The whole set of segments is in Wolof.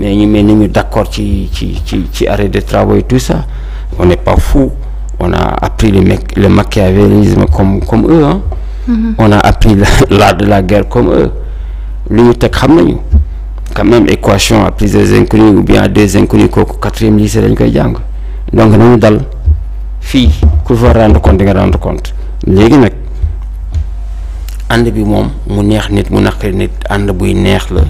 mais ñu mel ni ñu d'accord ci ci ci ci arrêt de travaux et tout ça on pas fou on a le mec le machiavélisme comme comme eux hein mm -hmm. de la guerre comme eux lu ñu teg xam nañu quand même équation à plusieurs inconnues ou bien à deux inconnues kooku quatrième lycée lañ koy jàng donc nañu dal fii ku fa rendre compte di nga compte léegi nag ànd bi moom mu neex nit mu naqari nit ànd buy neex la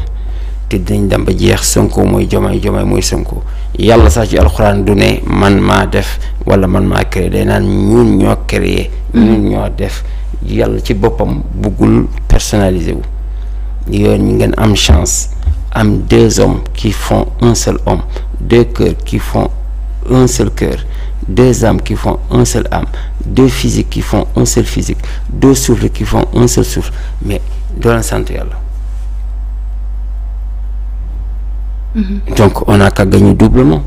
te dinañ dem ba jeex Sonko mooy Diomaye Diomaye mooy Sonko yàlla sax ci alxuraan du ne man maa def wala man maa créé day naan ñun ñoo créé. ñun mm-hmm. ñoo def yàlla ci boppam buggul personnalisé wu. yoon ñu ngeen am chance am deux hommes qui font un seul homme deux cœurs qui font un seul cœur deux âmes qui font un seul âme deux physiques qui font un seul physique deux souffles qui font un seul souffle mais doo leen sant yàlla. Mmh. donc on n'a qu'à gagner doublement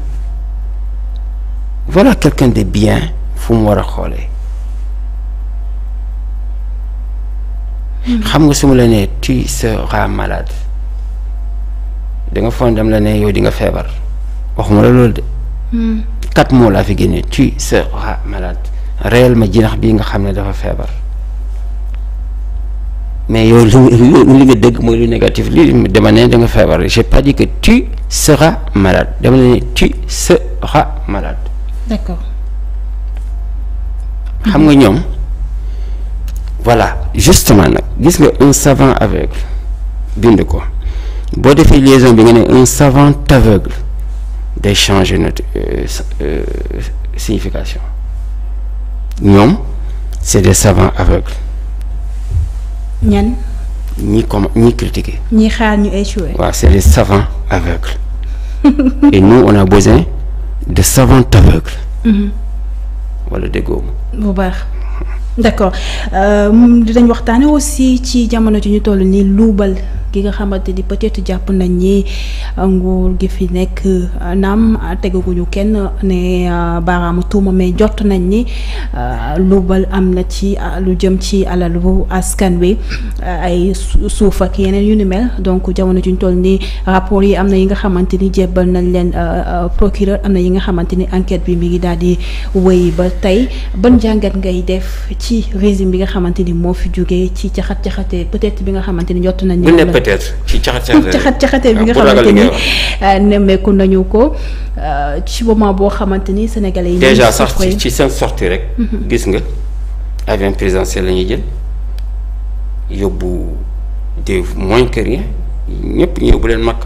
voilà quelqu'un de bien fu mu war a xoolee. Mm-hmm. xam nga suma la nee tu seras malade da nga foog dem la ne yow di nga feebar waxuma la loolu de. Mm-hmm. quatre mots laa fi génne tu seras malade réel ma jinax bii nga xam ne dafa feebar. mais yow li li nga dégg mooy lu négatif li dama ne da nga feebar j'ai pas dit que tu seras malade dama ne tu seras malade. d'accord. xam nga ñoom voilà justement nag gis nga un savant aveugle bind ko boo defee liaison bi nga ne un savant aveugle day changer notre euh, euh, signification ñoom c'est des savants aveugles. ñan ñi comme ñi critiquer. ñi xaar ñu échoué. waaw c'est les savants aveugles. et nous on a besoin de savants aveugles. Mm-hmm. wala déggoo bu baax. d'accord euh, dinañ waxtaane aussi ci jamono ji ñu toll ni luubal. gi nga xamante ni peut-être jàpp nañ ni euh, nguur gi fi nekk euh, naam tegaguñu kenn ne euh, baaraamu tuuma mais jot nañ ni lu bal am na ci lu jëm ci alalu askan wi ay suuf ak yeneen yu ni mel donc jamono juñ toll ni rapport yi am na yi nga xamante ni jébbal nañ leen procureur am na yi nga xamante ni enquête bi mi ngi daal di wéy ba tey ban jàngat ngay def ci régime bi nga xamante ni moo fi jógee ci caxat caxatee peut-être bi nga xamante ni jot nañ. peut-être ci caxat caxatee bi nga xamante ni euh, nemmeeku nañu ko euh, ci moment boo xamante ni sénégalais yi. déjà sax ci ci seen sorti rek. Mm-hmm. gis nga avion présidentiel la ñuy jël yóbbu des moins que rien ñëpp ñu yóbbu leen makk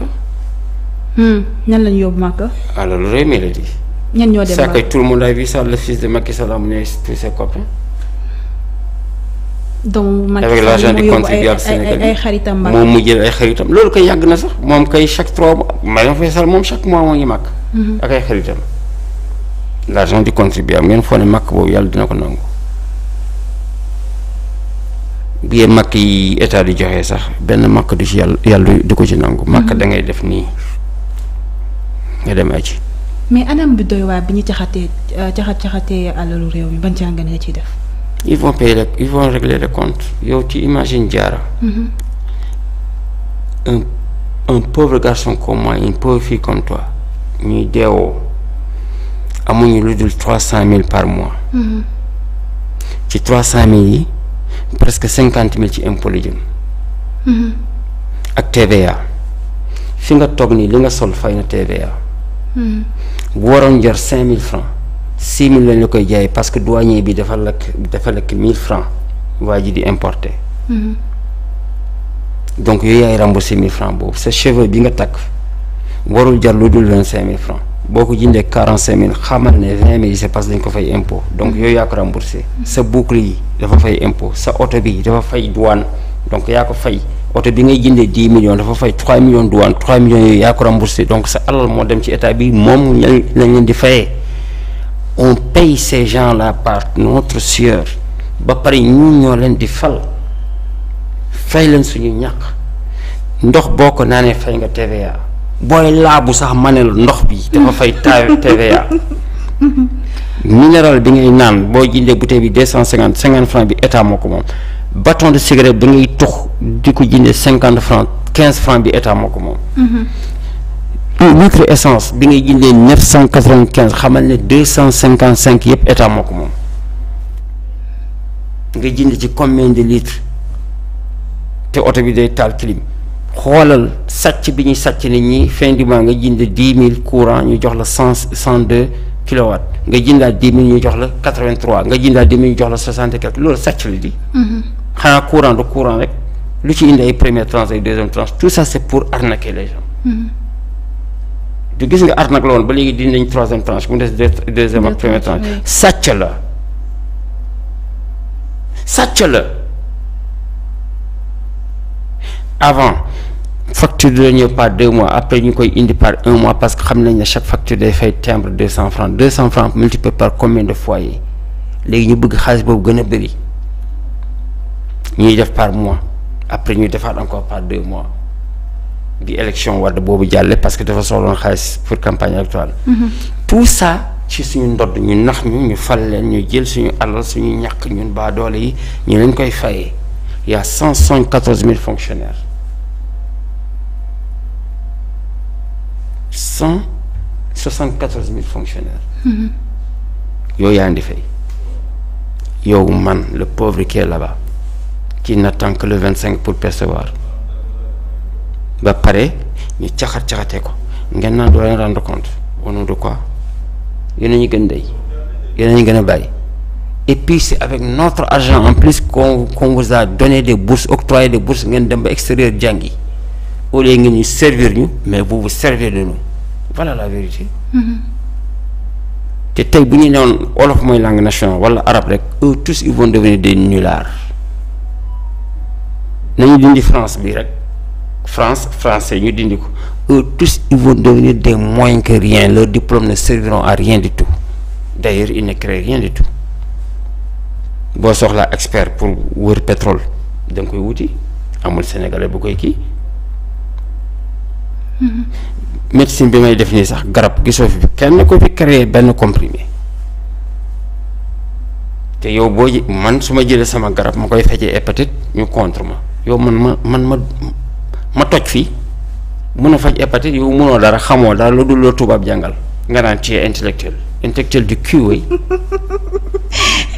hmm, ñan lañu yóbbu Makka. alors lu rëy mélodie. ñan ñoo dem Makka a le fils de Macky Sall donc Macky Sall ay ay xaritam moom mu jël ay xaritam loolu koy yàgg na sax moom koy chaque trois mois Marième Faye Sall moom chaque mois moo ngi màkk. Mm-hmm. ak ay xaritam. l'argent di contribuable ngeen foog ne màkk boobu yàlla dina ko nangu. bi màkk yi état di joxe sax benn màkk du ci yàlla yàlla du ko ci nangu. màkk mm-hmm. da ngay def nii nga dem aji. mais anam bi doy waar bi ñu caxatee euh, caxat caxatee alalu réew mi ban jàngat nga def. il vont payer le ils régler le compte yow ci imagines Diarra. Mm-hmm. un un pauvre garçon comme moi une pauvre fille comme toi ñuy deewoo amuñu lu dul trois cent mille par mois. Mm-hmm. ci trois cent mille yi presque cinquante mille ci impôt la jëm. Mm-hmm. ak fi nga toog nii li nga sol fay na TVA. bu waroon jar cinq mille francs. six mille lañ koy jaay parce que douanier bi dafa lakk dafa lakk mille francs waa ji di importe mhm. donc yooyu yaay remboursé mille francs boobu sa cheveux bi nga takk warul jar lu dul vingt cinq mille francs boo ko jëndee quarante cinq mille xamal ne vingt mille c'est parce que dañ ko fay impôt donc yooyu yaa ko remboursé mhm. sa boucle yi dafa fay impôt sa oto bi dafa fay douane donc yaa ko fay oto bi ngay jëndee dix millions dafa fay trois millions douane trois millions yooyu yaa ko remboursé moo dem ci état bi moom lañ leen on paye ces gens-là par notre sueur ba pare ñu ñoo leen di fal fay leen suñu ñàq ndox boo ko naanee fay nga TVA booy laabu sax ma ne ndox bi dafa fay ta TVA minéral bi ngay naan boo jëndee bouteille bi deux cent cinquante cinquante franc bi état moo ko moom bâton de cigarette bi ngay tux di ko jëndee cinquante franc quinze franc bi état moo ko moom mhm. un litre essence bi ngay jëndee neuf cent quatre vingt quinze xamal ne deux cent cinquante cinq yëpp état moo ko moom nga jënd ci commune de litres te oto bi day taal clim xoolal sàcc bi ñu sàcc nit ñi fin du mois nga jënd dix mille courant ñu jox la cent cent deux kilowatt nga jëndaat dix mille jox la quatre vingt nga jëndaat dix mille jox la soixante quatre loolu sàcc la di. Mhm. xanaa courant du courant rek lu ci indi ay première tranche ay deuxième tranche tout pour arnaquer les gens. Mhm. du gis nga arnaque la woon ba léegi dinañ troisième tranche bu mu des deuxième ak première tranche sàcc la sàcc la avant facture dina ñëw par deux mois après ñu koy indi par un mois parce xam nañ ne chaque facture day fay timbre deux cent francs deux cent francs multiplié par combien de foyers léegi ñu bëgg xaalis boobu gën a bëri def par mois après ñuy defaat encore par deux mois bi élection wadd boobu jàlle parce que dafa soxloon xaalis pour campagne électorale tout ça ci suñu ndodd ñu nax ñu ñu fal leen ñu jël suñu alal suñu ñàkk ñun baa doole yi ñu leen koy fayee y cent soixante-quatorze mille fonctionnaires cent soixante-quatorze mille fonctionnaires yow yaa ngi fay yow man le pauvre qui est là-bas qui n'attend vingt-cinq pour percevoir ba pare ñu caxat caxatee ko ngeen naan doo leen rendre compte au nom de quoi yéen a ñu gën day yéen a ñu gën a bàyyi et puis c'est avec notre argent en plus qu'on qu'on vous a donné des bourses octroyé des bourses ngeen dem ba extérieur jàngi au lieu ngeen ñu servir ñu mais vous vous servez nu nous voilà la vérité. Mm-hmm. te tey bu ñu newoon wolof mooy langue nationale wala arab rek eux tous ils vont devenir des nullards nañu dindi France bi rek. France français ñu dindi ko eux tous ils vont devenir moins que rien la diplômes ne serviront à rien du tout d'ailleurs ils ne rien du tout boo soxlaa expert pour wër pétrole da nga koy wuti amul sénégalais bu koy kii mm-hmm. médecine bi may def nii sax garab gisoo fi kenn ko fi créer benn comprimer te yow boo man su ma jëlee sama garab ma koy fejee hépatite ñu contre ma yow man ma man ma ma toj fii mën a faj hépatite yow mënoo dara xamoo dara lu dul loo tubaab jàngal nga naan ci intellectuel intellectuel du cul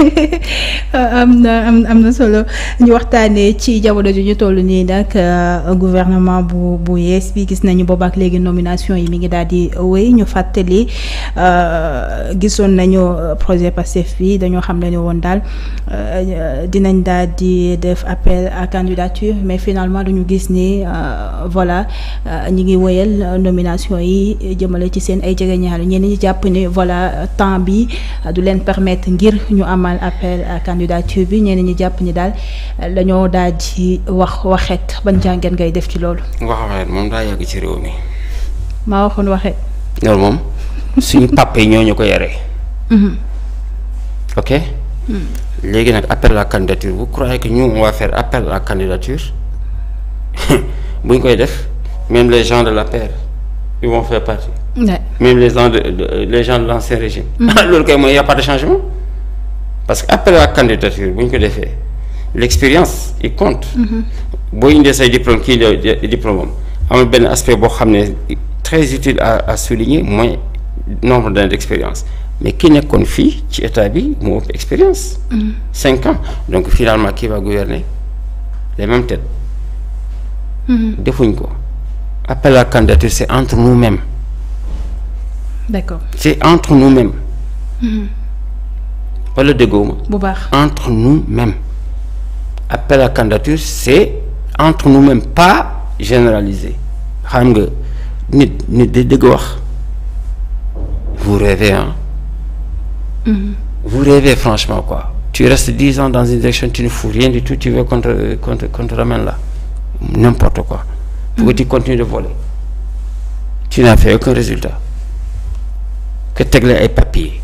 Euh, am na am na solo ñu waxtaanee ci jamono ji ñu toll nii nag euh, gouvernement bu bu yees bi gis nañu boobaak léegi nomination yi mi ngi daal di wéy ñu fàttali euh, gisoon nañu projet Pastef bi dañoo xam ne woon daal dinañ daal di def appel à candidature mais finalement dañu gis ni voilà ñi ngi wéyal nomination yi jëmale ci seen ay jegeñaale ñenn ñi jàpp ni voilà temps bi du leen permettre ngir ñu am. amal appel à candidature bi ñeneen ñi jàpp ni daal dañoo daal ci wax waxet ban jàngeen ngay def ci loolu. wax waxet moom daa yàgg ci réew mi. maa waxoon waxet. loolu moom suñu papa yi ñoo ñu ko yaree. Mhm. ok. Mhm. léegi nag appel à candidature vous croyez que ñu on va faire appel à candidature bu koy def même les gens de la paire ils vont faire partie. Ouais. les gens de, de les gens de l'ancien régime. Mhm. loolu kay mooy y a changement. parce que après la candidature bu ñu ko defee l'expérience il compte. boo indee say diplôme kii la diplôme amul benn aspect boo xam ne très utile à à souligner mooy nombre d'années expérience mais ki nekkoon fii ci état bi moo ëpp expérience. cinq ans donc finalement ki va gouverner les mêmes têtes. defuñ ko appel à candidature c'est entre nous-mêmes. d'accord c'est entre nous-mêmes. wala déggoo bu baax entre nous-mêmes appel à candidature c'est entre nous-mêmes pas généralisé xam nga nit nit di dëgg wax vous rêvez hein mmh. vous rêvez franchement quoi tu restes dix ans dans une direction tu ne fous rien du tout tu veux qu'on te qu'on te n'importe quoi pour que tu mm-hmm. continues de voler tu n'as fait aucun résultat que teg la ay papiers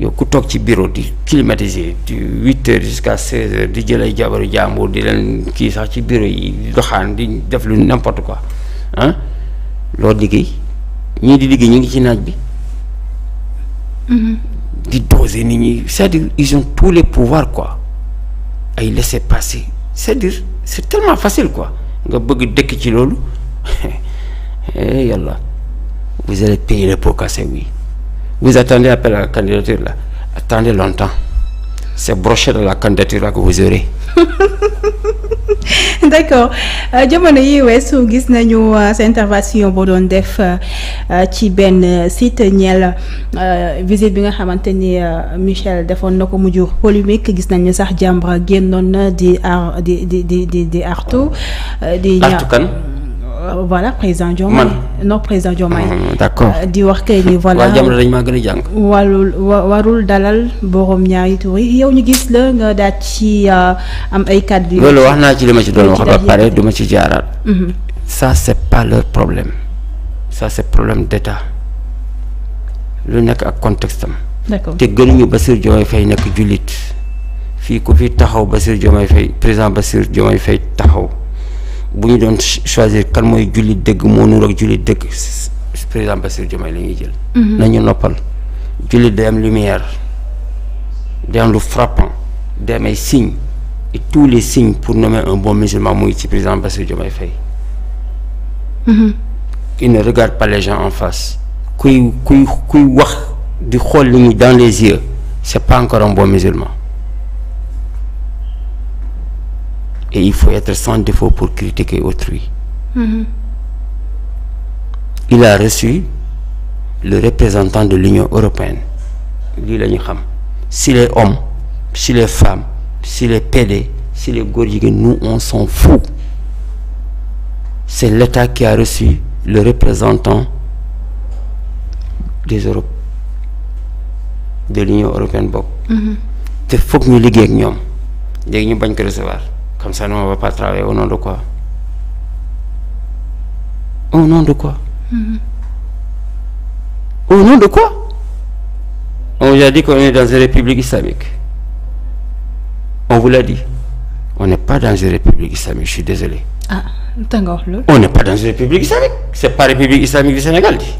yow ku toog ci bureau di climatisé di huit heures jusqu'à seize heures di jël ay jabaru jàmbur di leen kii sax ci bureau yi doxaan di def lu n'importe quoi loo loolu liggéey ñii di liggéey ñu ngi ci naaj bi mm-hmm. di doser nit ñi c'est-à-dire ils ont tous les pouvoirs quoi ay laisser passer c'est-à-dire c'est tellement facile quoi nga bëgg dëkk ci loolu eh yàlla vous allez payer le pot cassé oui vous attendez appel à la candidature là attendez longtemps c'est brochet de la candidature là que vous aurez. d'accord euh, jamono yi weesu gis nañu euh, sa intervention boo doon def euh, ci benn site ñeel visite bi nga xamante ni Michel defoon na ko mu jur polémique gis nañu sax Jamra génnoon na di di di di di artu. di ña artu kan. Euh, voilà président Diomaye. non président Diomaye. Ah, d'accord euh, di wax kay ni voilà waa jamono dañ maa gën a jàng. warul warul dalal borom ñaari tur yow ñu gis la nga daal ci euh, am ay kàddu. loolu wax naa ci li ma ci doon wax ba pare du ci jaaraat. Mhm. ça c'est pas leur problème ça c'est problème d'état lu nekk ak contexte am. d'accord te gënuñu Bassirou Diomaye Faye nekk jullit fii ku fi taxaw Bassirou Diomaye Faye président Bassirou Diomaye Faye taxaw. bu ñu doon choisir kan mooy julli dëgg moo nuur ak julli dëgg président Bassirou Diomaye la ñuy jël. Mhm. nañu noppal julli day am lumière day am lu frappant day ay signes et tous les signes pour nommer un bon musulman mu ngi ci président Bassirou Diomaye Faye. Mhm. il ne regarde pas les gens en face kuy kuy kuy wax di xool li ñu dans les yeux c'est pas encore bon musulman. et il faut être sans défaut pour critiquer autrui. Mmh. Il a reçu le représentant de l'Union européenne. lii la ñu xam si les hommes si les femmes si les PD si les góor jigéen nous on son fout. C'est l'État qui a reçu le représentant des Europe de l'Union européenne bokk. Mm-hmm. te foog ñu liggéey ak ñoom léegi ñu bañ ko recevoir. Comme ça, nous, on ne va pas travailler au nom de quoi Au nom de quoi mm-hmm. On vous a dit est dans une république islamique. On vous l'a On n'est pas dans une république islamique, je suis désolé. Ah, on n'est pas dans une république islamique. C'est pas la islamique du Sénégal. Dit.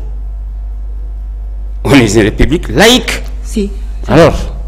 On est une république laïque. Si. Alors,